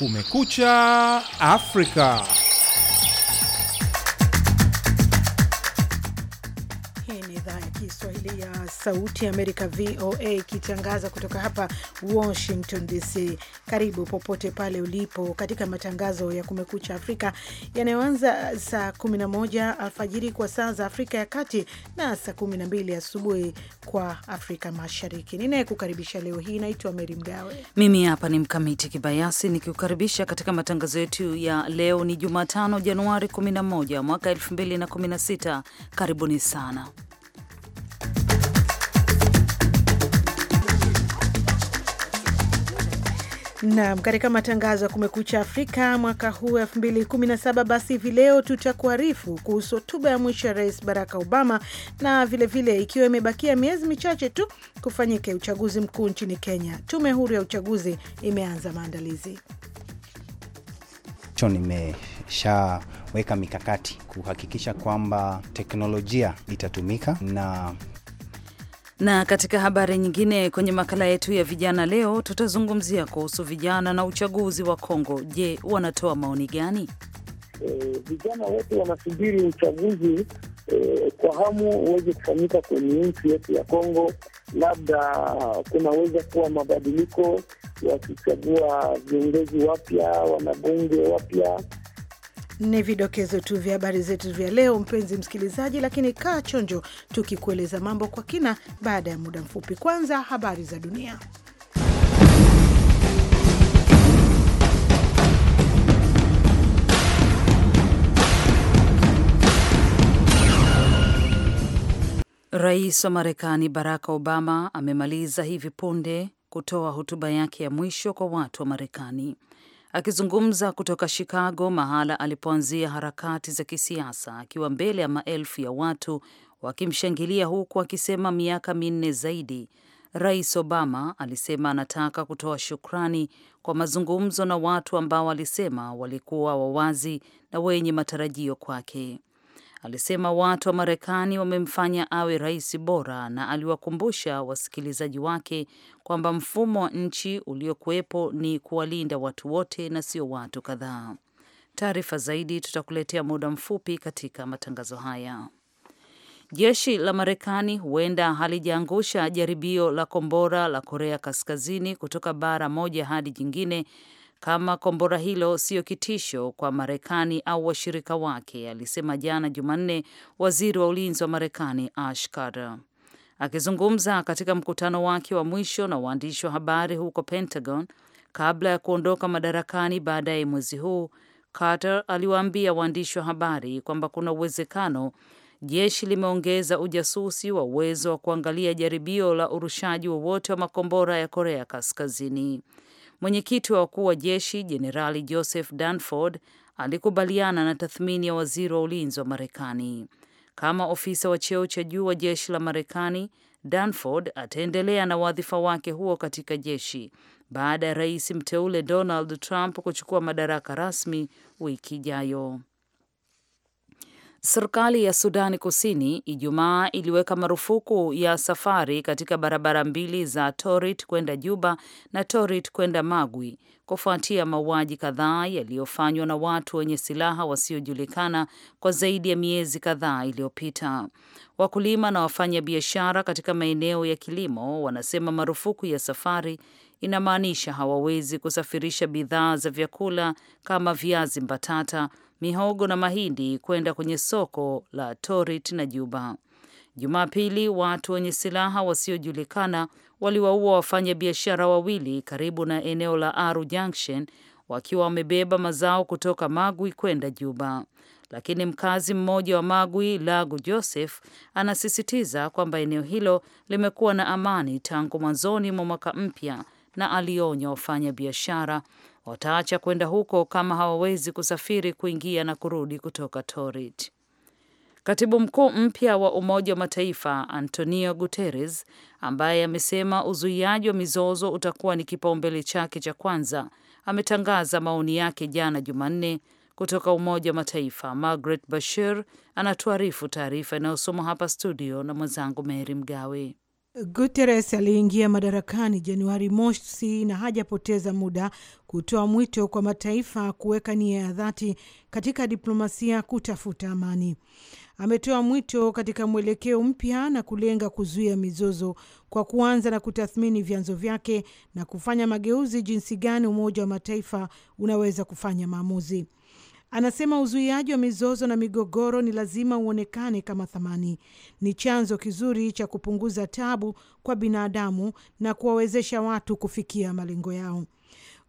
Kumekucha Afrika. idhaa ya Kiswahili ya Sauti Amerika, VOA, ikitangaza kutoka hapa Washington DC. Karibu popote pale ulipo katika matangazo ya Kumekucha Afrika yanayoanza saa 11 alfajiri kwa saa za Afrika ya Kati na saa 12 asubuhi kwa Afrika Mashariki. Ninayekukaribisha leo hii naitwa Meri Mgawe. Mimi hapa ni Mkamiti Kibayasi nikikukaribisha katika matangazo yetu ya leo. Ni Jumatano, Januari 11 mwaka 2016. Karibuni sana. Naam, katika matangazo ya Kumekucha Afrika mwaka huu saba, basi hivi leo tutakuarifu kuhusu hotuba ya mwisho ya Rais Barack Obama na vilevile vile, ikiwa imebakia miezi michache tu kufanyike uchaguzi mkuu nchini Kenya, tume huru ya uchaguzi imeanza maandalizi. Nimeshaweka mikakati kuhakikisha kwamba teknolojia itatumika na na katika habari nyingine, kwenye makala yetu ya vijana leo, tutazungumzia kuhusu vijana na uchaguzi wa Kongo. Je, wanatoa maoni gani? E, vijana wote wanasubiri uchaguzi e, kwa hamu uweze kufanyika kwenye nchi yetu ya Kongo. Labda kunaweza kuwa mabadiliko, wakichagua viongozi wapya, wanabunge wapya ni vidokezo tu vya habari zetu vya leo, mpenzi msikilizaji, lakini kaa chonjo, tukikueleza mambo kwa kina baada ya muda mfupi. Kwanza habari za dunia. Rais wa Marekani Barack Obama amemaliza hivi punde kutoa hotuba yake ya mwisho kwa watu wa Marekani. Akizungumza kutoka Chicago, mahala alipoanzia harakati za kisiasa, akiwa mbele ya maelfu ya watu wakimshangilia, huku akisema miaka minne zaidi. Rais Obama alisema anataka kutoa shukrani kwa mazungumzo na watu ambao alisema walikuwa wawazi na wenye matarajio kwake alisema watu wa Marekani wamemfanya awe rais bora, na aliwakumbusha wasikilizaji wake kwamba mfumo wa nchi uliokuwepo ni kuwalinda watu wote na sio watu kadhaa. Taarifa zaidi tutakuletea muda mfupi katika matangazo haya. Jeshi la Marekani huenda halijaangusha jaribio la kombora la Korea Kaskazini kutoka bara moja hadi jingine kama kombora hilo siyo kitisho kwa Marekani au washirika wake, alisema jana Jumanne waziri wa ulinzi wa Marekani Ash Carter akizungumza katika mkutano wake wa mwisho na waandishi wa habari huko Pentagon kabla ya kuondoka madarakani baadaye mwezi huu. Carter aliwaambia waandishi wa habari kwamba kuna uwezekano jeshi limeongeza ujasusi wa uwezo wa kuangalia jaribio la urushaji wowote wa, wa makombora ya Korea Kaskazini. Mwenyekiti wa wakuu wa jeshi Jenerali Joseph Dunford alikubaliana na tathmini ya waziri wa ulinzi wa Marekani. Kama ofisa wa cheo cha juu wa jeshi la Marekani, Danford ataendelea na wadhifa wake huo katika jeshi baada ya rais mteule Donald Trump kuchukua madaraka rasmi wiki ijayo. Serikali ya Sudani Kusini Ijumaa iliweka marufuku ya safari katika barabara mbili za Torit kwenda Juba na Torit kwenda Magwi kufuatia mauaji kadhaa yaliyofanywa na watu wenye silaha wasiojulikana kwa zaidi ya miezi kadhaa iliyopita. Wakulima na wafanyabiashara katika maeneo ya kilimo wanasema marufuku ya safari inamaanisha hawawezi kusafirisha bidhaa za vyakula kama viazi mbatata mihogo na mahindi kwenda kwenye soko la Torit na Juba. Jumapili, watu wenye silaha wasiojulikana waliwaua wafanya biashara wawili karibu na eneo la Aru Junction wakiwa wamebeba mazao kutoka Magwi kwenda Juba. Lakini mkazi mmoja wa Magwi, Lagu Joseph, anasisitiza kwamba eneo hilo limekuwa na amani tangu mwanzoni mwa mwaka mpya na alionya wafanya biashara wataacha kwenda huko kama hawawezi kusafiri kuingia na kurudi kutoka Torit. Katibu mkuu mpya wa Umoja wa Mataifa Antonio Guterres, ambaye amesema uzuiaji wa mizozo utakuwa ni kipaumbele chake cha kwanza, ametangaza maoni yake jana Jumanne. Kutoka Umoja wa Mataifa, Margaret Bashir anatuarifu taarifa inayosomwa hapa studio na mwenzangu Mary Mgawe. Guterres aliingia madarakani Januari mosi na hajapoteza muda kutoa mwito kwa mataifa kuweka nia ya dhati katika diplomasia kutafuta amani. Ametoa mwito katika mwelekeo mpya na kulenga kuzuia mizozo kwa kuanza na kutathmini vyanzo vyake na kufanya mageuzi jinsi gani Umoja wa Mataifa unaweza kufanya maamuzi. Anasema uzuiaji wa mizozo na migogoro ni lazima uonekane kama thamani. Ni chanzo kizuri cha kupunguza tabu kwa binadamu na kuwawezesha watu kufikia malengo yao.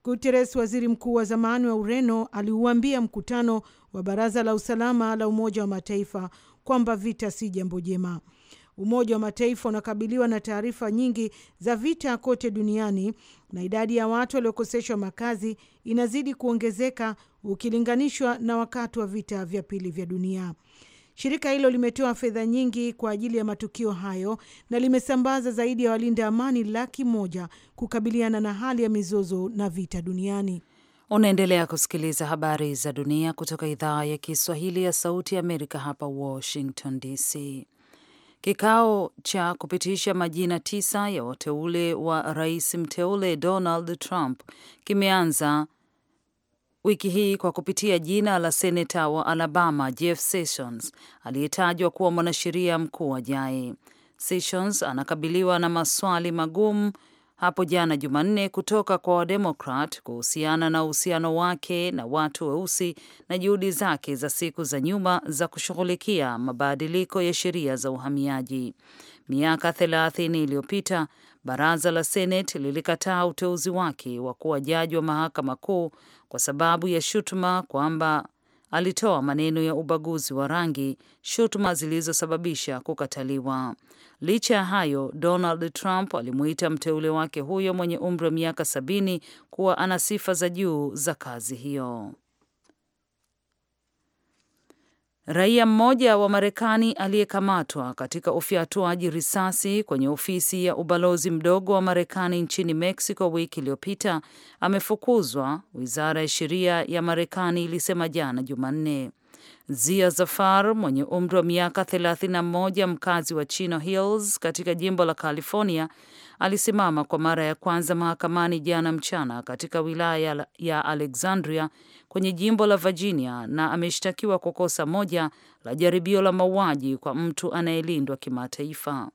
Guterres, waziri mkuu wa zamani wa Ureno, aliuambia mkutano wa Baraza la Usalama la Umoja wa Mataifa kwamba vita si jambo jema. Umoja wa Mataifa unakabiliwa na taarifa nyingi za vita kote duniani na idadi ya watu waliokoseshwa makazi inazidi kuongezeka ukilinganishwa na wakati wa vita vya pili vya dunia. Shirika hilo limetoa fedha nyingi kwa ajili ya matukio hayo na limesambaza zaidi ya walinda amani laki moja kukabiliana na hali ya mizozo na vita duniani. Unaendelea kusikiliza habari za dunia kutoka idhaa ya Kiswahili ya Sauti ya Amerika hapa Washington DC. Kikao cha kupitisha majina tisa ya wateule wa rais mteule Donald Trump kimeanza wiki hii kwa kupitia jina la seneta wa Alabama Jeff Sessions aliyetajwa kuwa mwanasheria mkuu ajaye. Sessions anakabiliwa na maswali magumu hapo jana Jumanne kutoka kwa Wademokrat kuhusiana na uhusiano wake na watu weusi na juhudi zake za siku za nyuma za kushughulikia mabadiliko ya sheria za uhamiaji. Miaka thelathini iliyopita baraza la Seneti lilikataa uteuzi wake wa kuwa jaji wa mahakama kuu kwa sababu ya shutuma kwamba alitoa maneno ya ubaguzi wa rangi, shutuma zilizosababisha kukataliwa. Licha ya hayo, Donald Trump alimuita mteule wake huyo mwenye umri wa miaka sabini kuwa ana sifa za juu za kazi hiyo. Raia mmoja wa Marekani aliyekamatwa katika ufyatuaji risasi kwenye ofisi ya ubalozi mdogo wa Marekani nchini Mexico wiki iliyopita amefukuzwa, wizara ya sheria ya Marekani ilisema jana Jumanne. Zia Zafar mwenye umri wa miaka 31 mkazi wa Chino Hills katika jimbo la California alisimama kwa mara ya kwanza mahakamani jana mchana katika wilaya ya Alexandria kwenye jimbo la Virginia na ameshtakiwa kwa kosa moja la jaribio la mauaji kwa mtu anayelindwa kimataifa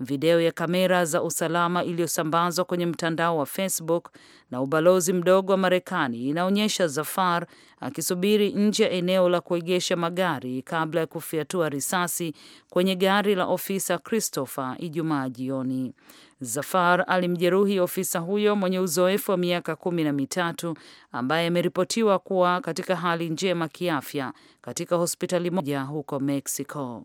video ya kamera za usalama iliyosambazwa kwenye mtandao wa Facebook na ubalozi mdogo wa Marekani inaonyesha Zafar akisubiri nje ya eneo la kuegesha magari kabla ya kufyatua risasi kwenye gari la ofisa Christopher Ijumaa jioni. Zafar alimjeruhi ofisa huyo mwenye uzoefu wa miaka kumi na mitatu ambaye ameripotiwa kuwa katika hali njema kiafya katika hospitali moja huko Mexico.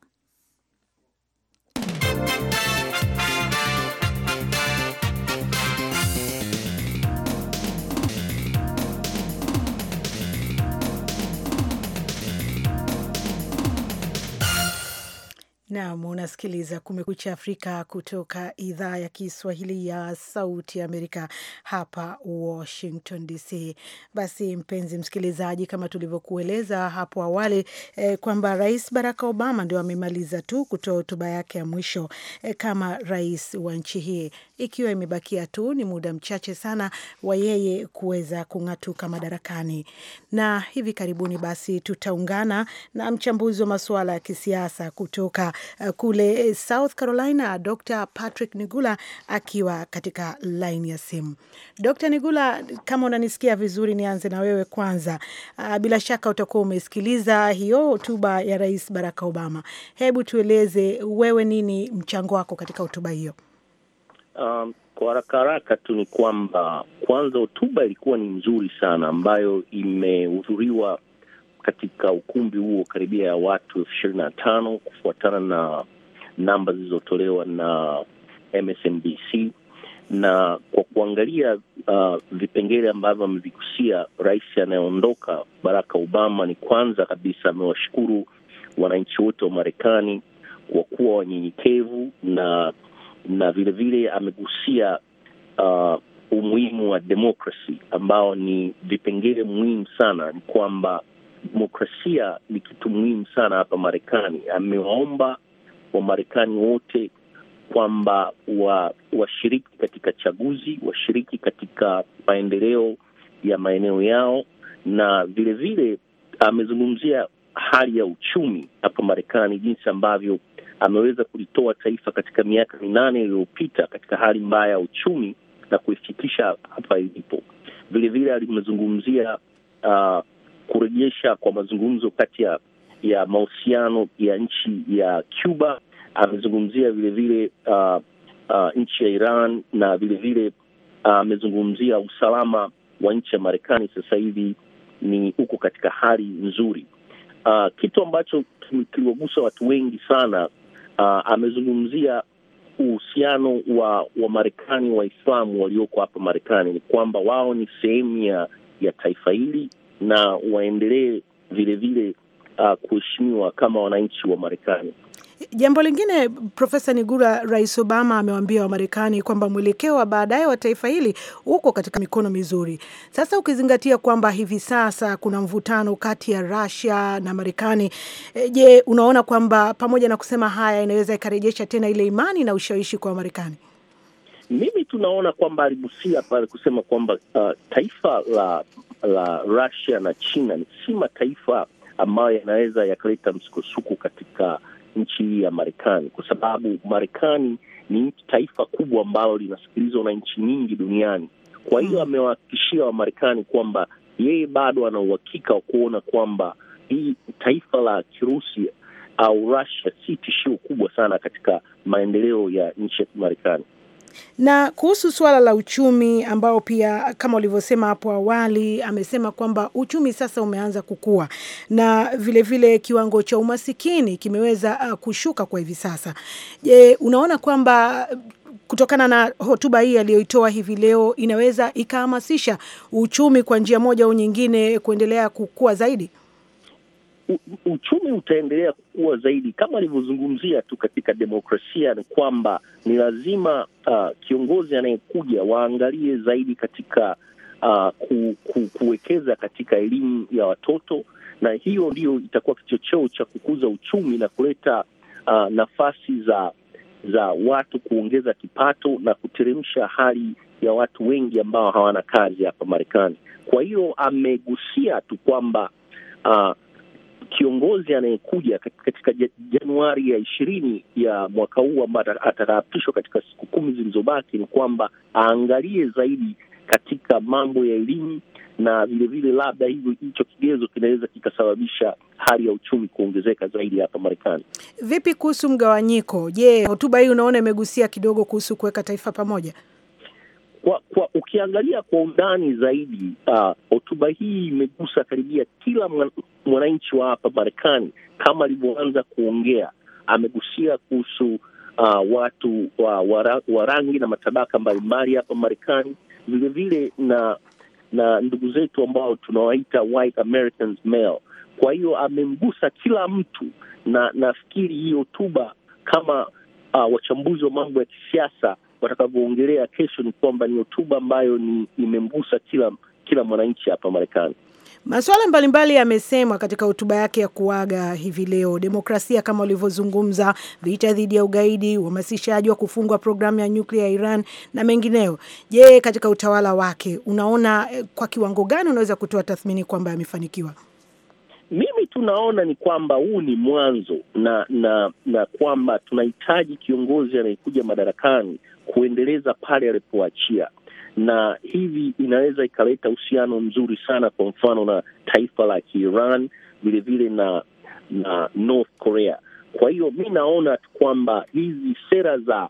Nam, unasikiliza Kumekucha Afrika kutoka idhaa ya Kiswahili ya Sauti ya Amerika hapa Washington DC. Basi mpenzi msikilizaji, kama tulivyokueleza hapo awali eh, kwamba Rais Barack Obama ndio amemaliza tu kutoa hotuba yake ya mwisho eh, kama rais wa nchi hii, ikiwa imebakia tu ni muda mchache sana wa yeye kuweza kung'atuka madarakani. Na hivi karibuni basi tutaungana na mchambuzi wa masuala ya kisiasa kutoka Eh, kule eh, South Carolina, Dr. Patrick Nigula akiwa katika laini ya simu. Dr. Nigula, kama unanisikia vizuri, nianze na wewe kwanza. Ah, bila shaka utakuwa umesikiliza hiyo hotuba ya Rais Barack Obama. Hebu tueleze wewe, nini mchango wako katika hotuba hiyo? Um, kwa haraka haraka tu ni kwamba kwanza hotuba ilikuwa ni nzuri sana, ambayo imehudhuriwa katika ukumbi huo karibia ya watu elfu ishirini na tano kufuatana na namba zilizotolewa na MSNBC na kwa kuangalia uh, vipengele ambavyo amevigusia rais anayeondoka baraka Obama, ni kwanza kabisa amewashukuru wananchi wote wa Marekani kwa kuwa wanyenyekevu na na vilevile vile amegusia uh, umuhimu wa demokrasi ambao ni vipengele muhimu sana. Ni kwamba demokrasia ni kitu muhimu sana hapa Marekani. Amewaomba Wamarekani wote kwamba washiriki wa katika chaguzi, washiriki katika maendeleo ya maeneo yao, na vilevile amezungumzia hali ya uchumi hapa Marekani, jinsi ambavyo ameweza kulitoa taifa katika miaka minane iliyopita katika hali mbaya ya uchumi na kuifikisha hapa ilipo. Vilevile alimezungumzia uh, kuendesha kwa mazungumzo kati ya ya mahusiano ya nchi ya Cuba. Amezungumzia vilevile uh, uh, nchi ya Iran na vilevile uh, amezungumzia uh, usalama wa nchi ya Marekani sasa hivi ni uko katika hali nzuri. Uh, kitu ambacho kiliwagusa watu wengi sana uh, amezungumzia uhusiano wa Wamarekani Waislamu walioko hapa Marekani ni kwamba wao ni sehemu ya ya taifa hili na waendelee vilevile uh, kuheshimiwa kama wananchi wa Marekani. Jambo lingine Profesa nigura Rais Obama amewaambia Wamarekani kwamba mwelekeo wa baadaye wa taifa hili uko katika mikono mizuri. Sasa ukizingatia kwamba hivi sasa kuna mvutano kati ya rasia na Marekani, eh, je, unaona kwamba pamoja na kusema haya inaweza ikarejesha tena ile imani na ushawishi kwa Wamarekani? Mimi tunaona kwamba alibusia pale kusema kwamba uh, taifa la la Russia na China si mataifa ambayo yanaweza yakaleta msukosuko katika nchi hii ya Marekani, kwa sababu Marekani ni taifa kubwa ambalo linasikilizwa na nchi nyingi duniani. Kwa hiyo hmm. amewahakikishia Wamarekani kwamba yeye bado ana uhakika wa kuona kwamba hii taifa la Kirusi au Russia si tishio kubwa sana katika maendeleo ya nchi ya Kimarekani. Na kuhusu suala la uchumi ambao pia kama ulivyosema hapo awali, amesema kwamba uchumi sasa umeanza kukua na vile vile kiwango cha umasikini kimeweza uh, kushuka kwa hivi sasa. Je, unaona kwamba kutokana na hotuba hii aliyoitoa hivi leo inaweza ikahamasisha uchumi kwa njia moja au nyingine kuendelea kukua zaidi? uchumi utaendelea kukua zaidi, kama alivyozungumzia tu. Katika demokrasia ni kwamba ni lazima uh, kiongozi anayekuja waangalie zaidi katika uh, ku, ku, kuwekeza katika elimu ya watoto, na hiyo ndiyo itakuwa kichocheo cha kukuza uchumi na kuleta uh, nafasi za za watu kuongeza kipato na kuteremsha hali ya watu wengi ambao hawana kazi hapa Marekani. Kwa hiyo amegusia tu kwamba uh, kiongozi anayekuja katika Januari ya ishirini ya mwaka huu ambayo atakaapishwa katika siku kumi zilizobaki ni kwamba aangalie zaidi katika mambo ya elimu na vilevile, labda hivyo hicho kigezo kinaweza kikasababisha hali ya uchumi kuongezeka zaidi hapa Marekani. Vipi kuhusu mgawanyiko? Je, hotuba hii unaona imegusia kidogo kuhusu kuweka taifa pamoja? kwa, kwa ukiangalia kwa undani zaidi uh, hotuba uh, hii imegusa karibia kila mwananchi wa hapa Marekani. Kama alivyoanza kuongea, amegusia kuhusu uh, watu wa, wa, wa rangi na matabaka mbalimbali hapa Marekani, vilevile na na ndugu zetu ambao tunawaita white Americans male. Kwa hiyo amemgusa kila mtu, na nafikiri hii hotuba kama uh, wachambuzi wa mambo ya kisiasa watakavyoongelea kesho ni kwamba ni hotuba ambayo ni imemgusa kila kila mwananchi hapa Marekani. Masuala mbalimbali yamesemwa katika hotuba yake ya kuaga hivi leo: demokrasia kama ulivyozungumza, vita dhidi ya ugaidi, uhamasishaji wa kufungwa programu ya nyuklia ya Iran na mengineo. Je, katika utawala wake unaona eh, kwa kiwango gani unaweza kutoa tathmini kwamba amefanikiwa? Mimi tunaona ni kwamba huu ni mwanzo na na na kwamba tunahitaji kiongozi anayekuja madarakani kuendeleza pale alipoachia, na hivi inaweza ikaleta uhusiano mzuri sana, kwa mfano na taifa la Kiiran vilevile na na North Korea. Kwa hiyo mi naona kwamba hizi sera za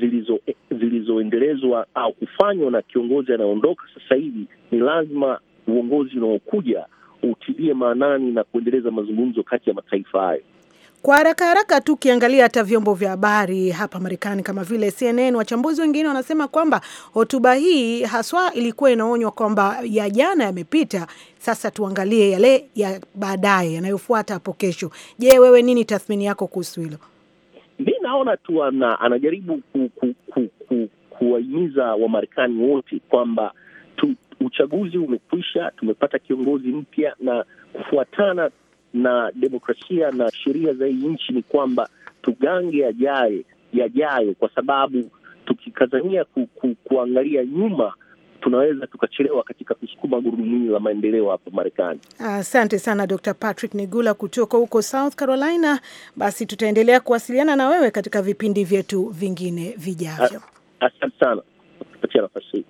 zilizo zilizoendelezwa au kufanywa na kiongozi anayoondoka sasa hivi, ni lazima uongozi unaokuja utilie maanani na kuendeleza mazungumzo kati ya mataifa hayo. Kwa haraka haraka tu ukiangalia hata vyombo vya habari hapa Marekani kama vile CNN, wachambuzi wengine wanasema kwamba hotuba hii haswa ilikuwa inaonywa kwamba ya jana yamepita, sasa tuangalie yale ya baadaye yanayofuata hapo kesho. Je, wewe nini tathmini yako kuhusu hilo? Mi naona tu ana, anajaribu ku, ku, ku, ku, kuwahimiza Wamarekani wote kwamba uchaguzi umekwisha, tumepata kiongozi mpya na kufuatana na demokrasia na sheria za hii nchi ni kwamba tugange yajayo yajayo, kwa sababu tukikazania ku, ku, kuangalia nyuma tunaweza tukachelewa katika kusukuma gurudumu la maendeleo hapa Marekani. Asante sana Dr. Patrick Nigula kutoka huko South Carolina. Basi tutaendelea kuwasiliana na wewe katika vipindi vyetu vingine vijavyo. Asante sana kupatia nafasi hii.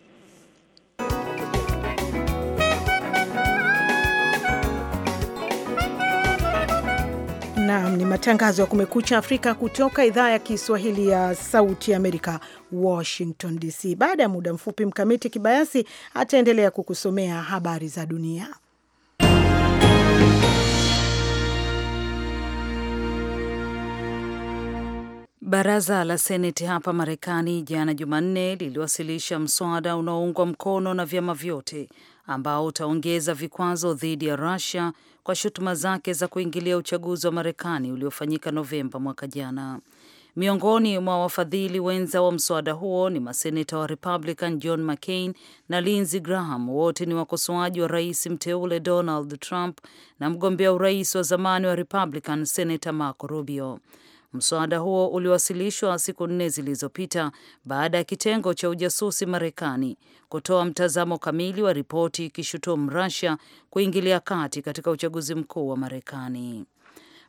Naam, ni matangazo ya Kumekucha Afrika kutoka idhaa ya Kiswahili ya Sauti Amerika, Washington DC. Baada ya muda mfupi, Mkamiti Kibayasi ataendelea kukusomea habari za dunia. Baraza la Seneti hapa Marekani jana Jumanne liliwasilisha mswada unaoungwa mkono na vyama vyote ambao utaongeza vikwazo dhidi ya Russia kwa shutuma zake za kuingilia uchaguzi wa Marekani uliofanyika Novemba mwaka jana. Miongoni mwa wafadhili wenza wa mswada huo ni maseneta wa Republican John McCain na Lindsey Graham, wote ni wakosoaji wa rais mteule Donald Trump na mgombea urais wa zamani wa Republican Senata Marco Rubio. Mswada huo uliwasilishwa siku nne zilizopita baada ya kitengo cha ujasusi Marekani kutoa mtazamo kamili wa ripoti ikishutumu Russia kuingilia kati katika uchaguzi mkuu wa Marekani.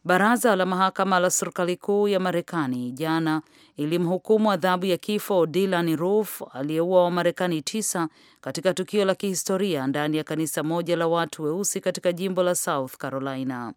Baraza la mahakama la serikali kuu ya Marekani jana ilimhukumu adhabu ya kifo Dylan Roof aliyeua Wamarekani tisa katika tukio la kihistoria ndani ya kanisa moja la watu weusi katika jimbo la South Carolina.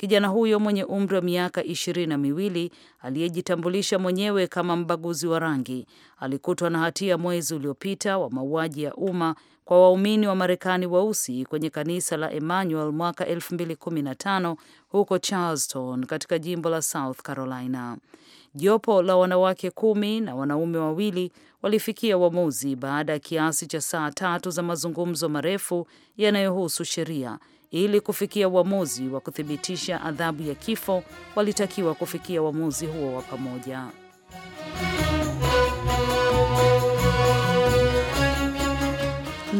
Kijana huyo mwenye umri wa miaka ishirini na miwili aliyejitambulisha mwenyewe kama mbaguzi wa rangi alikutwa na hatia mwezi uliopita wa mauaji ya umma kwa waumini wa Marekani weusi kwenye kanisa la Emmanuel mwaka 2015 huko Charleston katika jimbo la South Carolina. Jopo la wanawake kumi na wanaume wawili walifikia uamuzi baada ya kiasi cha saa tatu za mazungumzo marefu yanayohusu sheria ili kufikia uamuzi wa kuthibitisha adhabu ya kifo, walitakiwa kufikia uamuzi huo wa pamoja.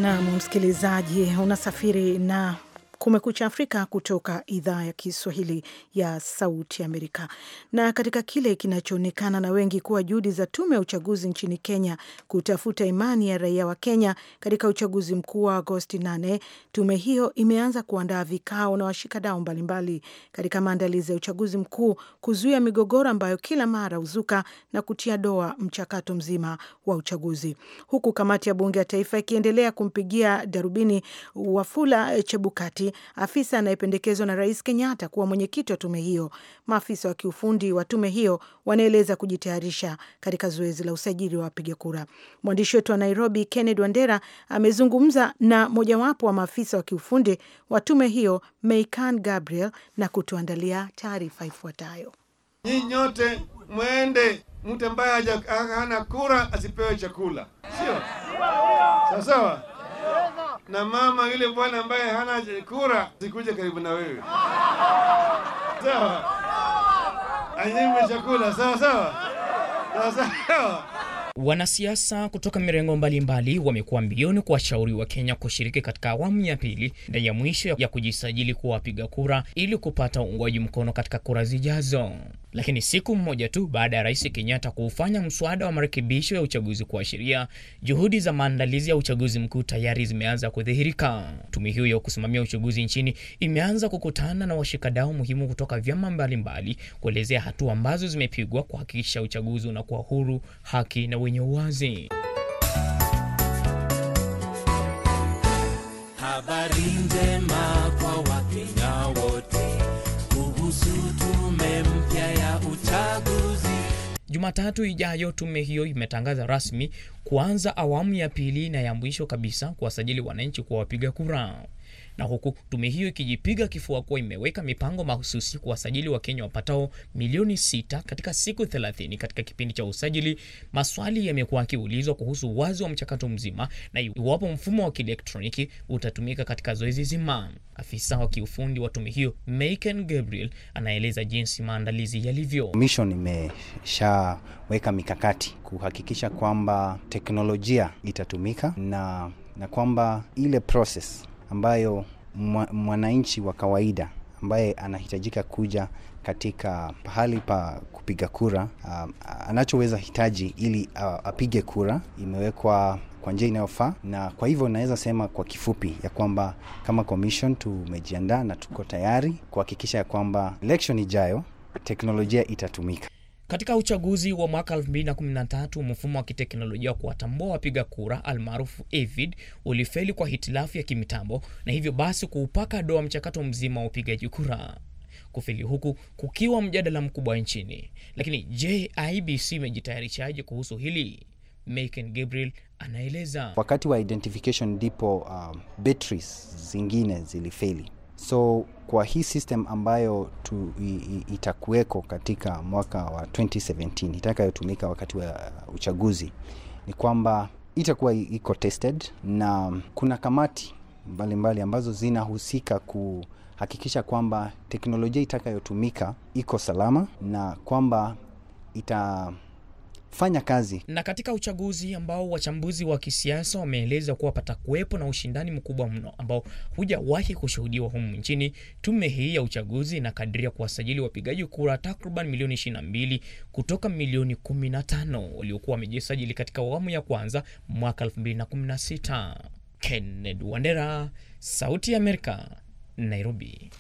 Nam msikilizaji, unasafiri na Kumekucha Afrika kutoka idhaa ya Kiswahili ya Sauti Amerika. Na katika kile kinachoonekana na wengi kuwa juhudi za tume ya uchaguzi nchini Kenya kutafuta imani ya raia wa Kenya katika uchaguzi mkuu wa Agosti 8, tume hiyo imeanza kuandaa vikao na washikadau mbalimbali katika maandalizi ya uchaguzi mkuu, kuzuia migogoro ambayo kila mara huzuka na kutia doa mchakato mzima wa uchaguzi, huku kamati ya bunge ya taifa ikiendelea kumpigia darubini Wafula Chebukati afisa anayependekezwa na Rais Kenyatta kuwa mwenyekiti wa tume hiyo. Maafisa wa kiufundi wa tume hiyo wanaeleza kujitayarisha katika zoezi la usajili wa wapiga kura. Mwandishi wetu wa Nairobi, kenned Wandera, amezungumza na mojawapo wa maafisa wa kiufundi wa tume hiyo, Meikan Gabriel, na kutuandalia taarifa ifuatayo. Nyinyi nyote mwende, mtu ambaye hana kura asipewe chakula, sio sawasawa? na mama yule bwana ambaye hana kura sikuja karibu na wewe sawa, anyime chakula sawa sawa sawa sawa. Wanasiasa kutoka mirengo mbalimbali wamekuwa mbioni kuwashauri wa Kenya kushiriki katika awamu ya pili na ya mwisho ya kujisajili kuwa wapiga kura ili kupata uungwaji mkono katika kura zijazo. Lakini siku mmoja tu baada ya Rais Kenyatta kuufanya mswada wa marekebisho ya uchaguzi kuwa sheria, juhudi za maandalizi ya uchaguzi mkuu tayari zimeanza kudhihirika. Tume hiyo ya kusimamia uchaguzi nchini imeanza kukutana na washikadau muhimu kutoka vyama mbalimbali kuelezea hatua ambazo zimepigwa kuhakikisha uchaguzi unakuwa huru, haki na wenye uwazi. Habari njema kwa Wakenya wote kuhusu Jumatatu ijayo tume hiyo imetangaza rasmi kuanza awamu ya pili na ya mwisho kabisa kuwasajili wananchi kwa wapiga kura na huku tume hiyo ikijipiga kifua kuwa imeweka mipango mahususi kuwasajili Wakenya wapatao milioni sita katika siku 30. Katika kipindi cha usajili, maswali yamekuwa akiulizwa kuhusu wazi wa mchakato mzima na iwapo mfumo wa kielektroniki utatumika katika zoezi zima. Afisa wa kiufundi wa tume hiyo Maken Gabriel anaeleza jinsi maandalizi yalivyo. Mission imeshaweka mikakati kuhakikisha kwamba teknolojia itatumika na na kwamba ile process ambayo mwananchi wa kawaida ambaye anahitajika kuja katika pahali pa kupiga kura uh, anachoweza hitaji ili uh, apige kura imewekwa kwa njia inayofaa, na kwa hivyo naweza sema kwa kifupi ya kwamba kama commission tumejiandaa na tuko tayari kuhakikisha ya kwamba election ijayo teknolojia itatumika. Katika uchaguzi wa mwaka 2013 mfumo wa kiteknolojia wa kuwatambua wapiga kura almaarufu Avid ulifeli kwa hitilafu ya kimitambo na hivyo basi kuupaka doa mchakato mzima wa upigaji kura. Kufeli huku kukiwa mjadala mkubwa nchini. Lakini je, IBC imejitayarishaje kuhusu hili? Maken Gabriel anaeleza. Wakati wa identification ndipo um, batteries zingine zilifeli So kwa hii system ambayo tu, itakuweko katika mwaka wa 2017 itakayotumika wakati wa uchaguzi ni kwamba itakuwa iko tested na kuna kamati mbalimbali mbali ambazo zinahusika kuhakikisha kwamba teknolojia itakayotumika iko salama na kwamba ita fanya kazi. Na katika uchaguzi ambao wachambuzi wa kisiasa wameeleza kuwa patakuwepo na ushindani mkubwa mno ambao hujawahi kushuhudiwa humu nchini, tume hii ya uchaguzi inakadiria kuwasajili wapigaji kura takriban milioni 22 kutoka milioni 15 waliokuwa wamejisajili katika awamu ya kwanza mwaka 2016. Kenneth Wandera, Sauti ya Amerika, Nairobi.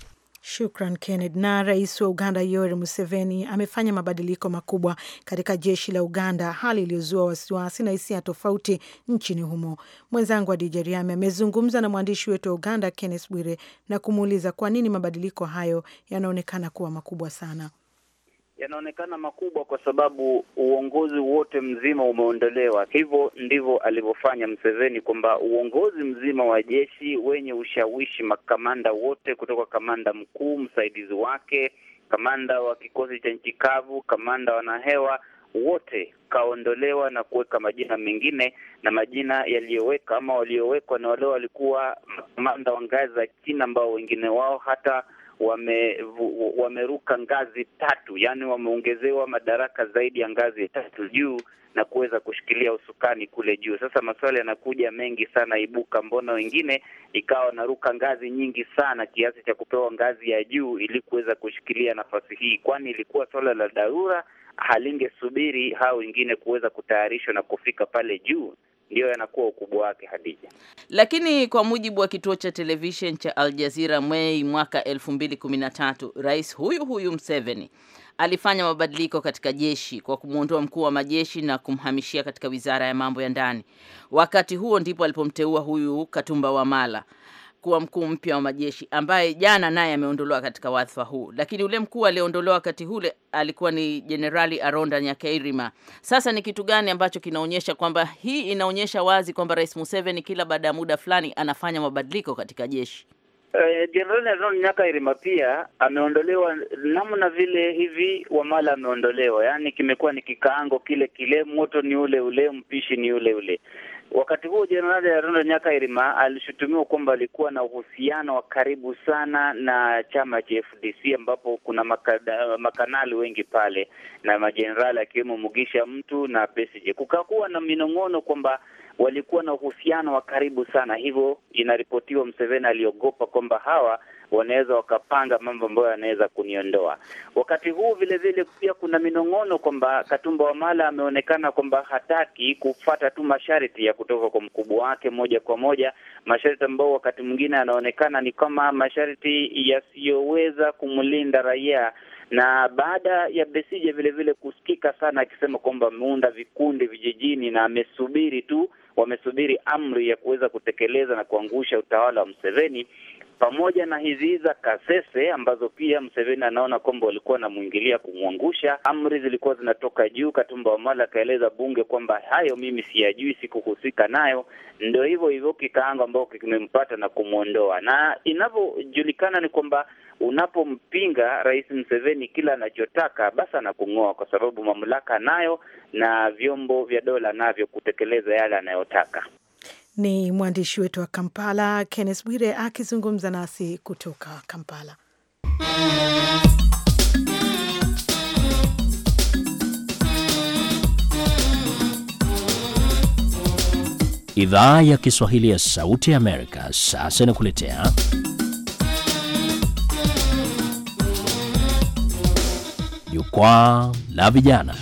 Shukran Kenneth. Na rais wa Uganda Yoweri Museveni amefanya mabadiliko makubwa katika jeshi la Uganda, hali iliyozua wasiwasi na hisia tofauti nchini humo. Mwenzangu Adija Riami amezungumza na mwandishi wetu wa Uganda Kenneth Bwire na kumuuliza kwa nini mabadiliko hayo yanaonekana kuwa makubwa sana yanaonekana makubwa kwa sababu uongozi wote mzima umeondolewa. Hivyo ndivyo alivyofanya Mseveni, kwamba uongozi mzima wa jeshi wenye ushawishi, makamanda wote kutoka kamanda mkuu, msaidizi wake, kamanda wa kikosi cha nchi kavu, kamanda wanahewa wote kaondolewa na kuweka majina mengine, na majina yaliyoweka ama waliowekwa na wale walikuwa makamanda wa ngazi za chini ambao wengine wao hata wame, wameruka ngazi tatu, yaani wameongezewa madaraka zaidi ya ngazi tatu juu na kuweza kushikilia usukani kule juu. Sasa maswali yanakuja mengi sana ibuka, mbona wengine ikawa wanaruka ngazi nyingi sana kiasi cha kupewa ngazi ya juu ili kuweza kushikilia nafasi hii? Kwani ilikuwa swala la dharura, halingesubiri hao wengine kuweza kutayarishwa na kufika pale juu? ndiyo yanakuwa ukubwa wake Hadija. Lakini kwa mujibu wa kituo cha televishen cha Al Jazeera, Mei mwaka elfu mbili kumi na tatu, rais huyu huyu Mseveni alifanya mabadiliko katika jeshi kwa kumwondoa mkuu wa majeshi na kumhamishia katika wizara ya mambo ya ndani. Wakati huo ndipo alipomteua huyu Katumba Wamala kuwa mkuu mpya wa majeshi ambaye jana naye ameondolewa katika wadhifa huu, lakini ule mkuu aliondolewa wakati hule alikuwa ni Jenerali Aronda Nyakairima. Sasa ni kitu gani ambacho kinaonyesha kwamba hii inaonyesha wazi kwamba Rais Museveni kila baada ya muda fulani anafanya mabadiliko katika jeshi? Eh, Jenerali uh, Aron Nyakairima pia ameondolewa namna vile hivi Wamala ameondolewa, yaani kimekuwa ni kikaango kile kile, moto ni ule ule, mpishi ni ule ule. Wakati huo Jenerali nyaka Nyakairima alishutumiwa kwamba alikuwa na uhusiano wa karibu sana na chama cha FDC, ambapo kuna makada, makanali wengi pale na majenerali akiwemo Mugisha Mtu na Besigye. Kukakuwa na minong'ono kwamba walikuwa na uhusiano wa karibu sana, hivyo inaripotiwa Mseveni aliogopa kwamba hawa wanaweza wakapanga mambo ambayo yanaweza kuniondoa. Wakati huu vile vile pia kuna minong'ono kwamba Katumba Wamala ameonekana kwamba hataki kufata tu masharti ya kutoka kwa mkubwa wake moja kwa moja, masharti ambayo wakati mwingine anaonekana ni kama masharti yasiyoweza kumlinda raia na baada ya Besije vile vile kusikika sana akisema kwamba ameunda vikundi vijijini na amesubiri tu, wamesubiri amri ya kuweza kutekeleza na kuangusha utawala wa Mseveni pamoja na hizi za Kasese ambazo pia Mseveni anaona kwamba walikuwa anamwingilia kumwangusha. Amri zilikuwa zinatoka juu. Katumba Wamala akaeleza bunge kwamba hayo mimi siyajui, sikuhusika nayo. Ndio hivyo hivyo kikaango ambao kimempata na kumwondoa, na inavyojulikana ni kwamba unapompinga Rais Mseveni kila anachotaka basi anakung'oa, kwa sababu mamlaka nayo na vyombo vya dola navyo kutekeleza yale anayotaka. Ni mwandishi wetu wa Kampala, Kenneth Bwire akizungumza nasi kutoka Kampala. Idhaa ya Kiswahili ya Sauti ya Amerika sasa inakuletea jukwaa la vijana.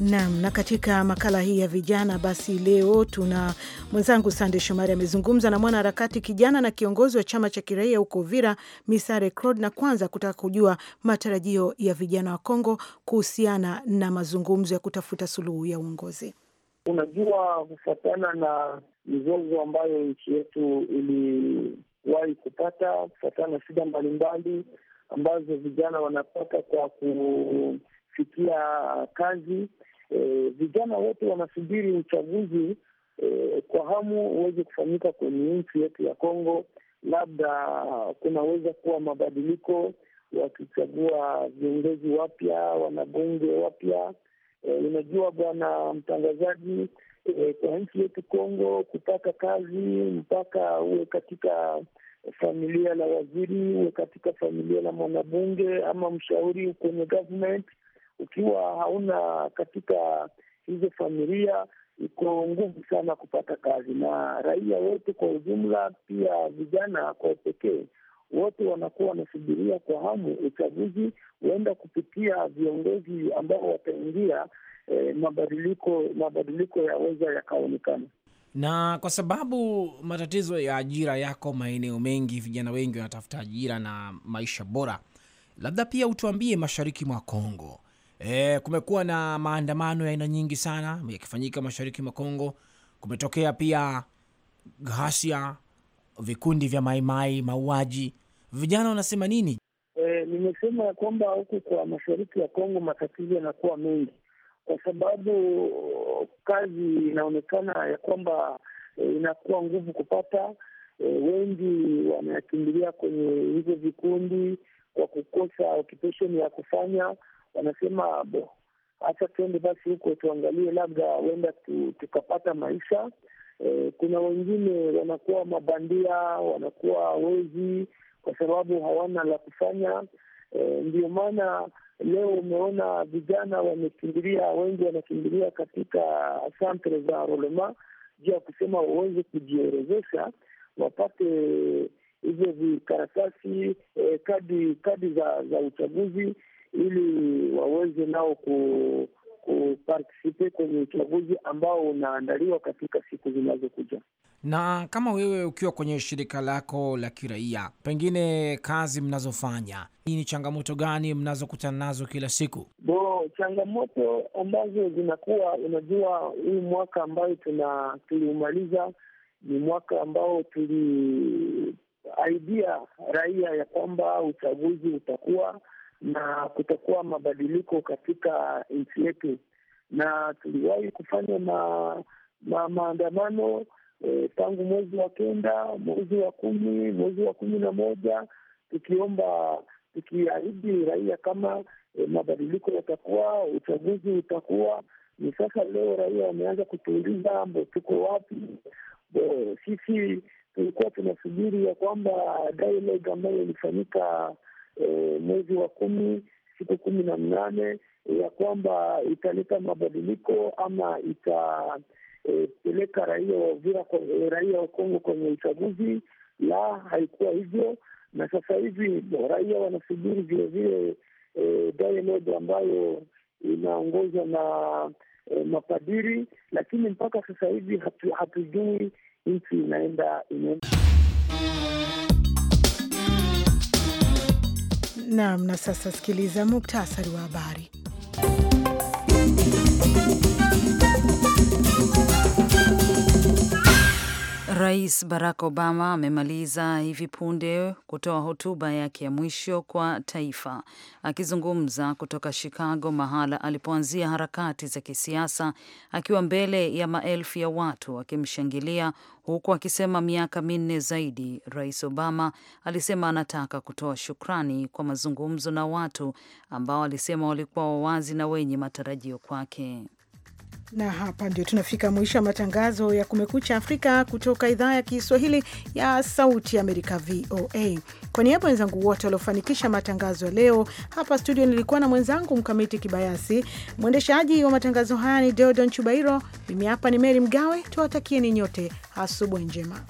Naam, na katika makala hii ya vijana basi leo tuna mwenzangu Sande Shomari amezungumza na mwanaharakati kijana na kiongozi wa chama cha kiraia huko Uvira, Misare Claude, na kwanza kutaka kujua matarajio ya vijana wa Kongo kuhusiana na mazungumzo ya kutafuta suluhu ya uongozi. Unajua, kufuatana na mizozo ambayo nchi yetu iliwahi kupata, kufuatana na shida mbalimbali ambazo vijana wanapata kwa ku kufikia kazi. E, vijana wote wanasubiri uchaguzi e, kwa hamu uweze kufanyika kwenye nchi yetu ya Kongo. Labda kunaweza kuwa mabadiliko wakichagua viongozi wapya, wanabunge wapya. E, unajua bwana mtangazaji, e, kwa nchi yetu Kongo kupata kazi mpaka uwe katika familia la waziri, uwe katika familia la mwanabunge ama mshauri kwenye government ukiwa hauna katika hizo familia, iko nguvu sana kupata kazi. Na raia wote kwa ujumla, pia vijana kwa upekee, wote wanakuwa wanasubiria kwa hamu uchaguzi, huenda kupitia viongozi ambao wataingia e, mabadiliko mabadiliko yaweza yakaonekana na kwa sababu matatizo ya ajira yako maeneo mengi, vijana wengi wanatafuta ajira na maisha bora. Labda pia utuambie mashariki mwa Kongo, E, kumekuwa na maandamano ya aina nyingi sana yakifanyika mashariki mwa Kongo. Kumetokea pia ghasia, vikundi vya maimai, mauaji. Vijana wanasema nini? E, nimesema ya kwamba huku kwa mashariki ya Kongo matatizo yanakuwa mengi kwa sababu kazi inaonekana ya kwamba e, inakuwa nguvu kupata. E, wengi wanakimbilia kwenye hivyo vikundi kwa kukosa occupation ya kufanya wanasema bo, hata tuende basi huko tuangalie, labda huenda tukapata maisha e. Kuna wengine wanakuwa mabandia, wanakuwa wezi kwa sababu hawana la kufanya e. Ndio maana leo umeona vijana wamekimbilia, wengi wanakimbilia katika santre za rolema juu ya kusema waweze kujierezesha wapate hivyo vikaratasi eh, kadi kadi za, za uchaguzi ili waweze nao ku kuparticipate kwenye uchaguzi ambao unaandaliwa katika siku zinazokuja. Na kama wewe ukiwa kwenye shirika lako la kiraia, pengine kazi mnazofanya, hii ni changamoto gani mnazokutana nazo kila siku? Bo, changamoto ambazo zinakuwa, unajua hii mwaka ambayo tuna tuliumaliza ni mwaka ambao tuliaidia raia ya kwamba uchaguzi utakuwa na kutakuwa mabadiliko katika nchi yetu, na tuliwahi kufanya ma, ma, maandamano e, tangu mwezi wa kenda, mwezi wa kumi, mwezi wa kumi na moja tukiomba tukiahidi raia kama e, mabadiliko yatakuwa, uchaguzi utakuwa. Ni sasa leo raia wameanza kutuuliza mbo, tuko wapi? E, sisi tulikuwa tunasubiri ya kwamba dialogue ambayo ilifanyika e, mwezi wa kumi siku kumi na mnane ya kwamba italeta mabadiliko ama itapeleka e, raia wa Uvira, raia wa Kongo kwenye uchaguzi. La, haikuwa hivyo, na sasa hivi raia wanasubiri vilevile e, dialogue ambayo inaongozwa na e, mapadiri, lakini mpaka sasa hivi hatujui hatu nchi inaenda inaenda Naam, na sasa sikiliza muktasari wa habari. Rais Barack Obama amemaliza hivi punde kutoa hotuba yake ya mwisho kwa taifa, akizungumza kutoka Chicago, mahala alipoanzia harakati za kisiasa, akiwa mbele ya maelfu ya watu wakimshangilia, huku akisema miaka minne zaidi. Rais Obama alisema anataka kutoa shukrani kwa mazungumzo na watu ambao alisema walikuwa wawazi na wenye matarajio kwake na hapa ndio tunafika mwisho wa matangazo ya Kumekucha Afrika kutoka idhaa ya Kiswahili ya Sauti Amerika, VOA. Kwa niaba wenzangu wote waliofanikisha matangazo ya leo hapa studio, nilikuwa na mwenzangu Mkamiti Kibayasi, mwendeshaji wa matangazo haya ni Deodon Chubairo, mimi hapa ni Meri Mgawe. Tuwatakieni nyote asubuhi njema.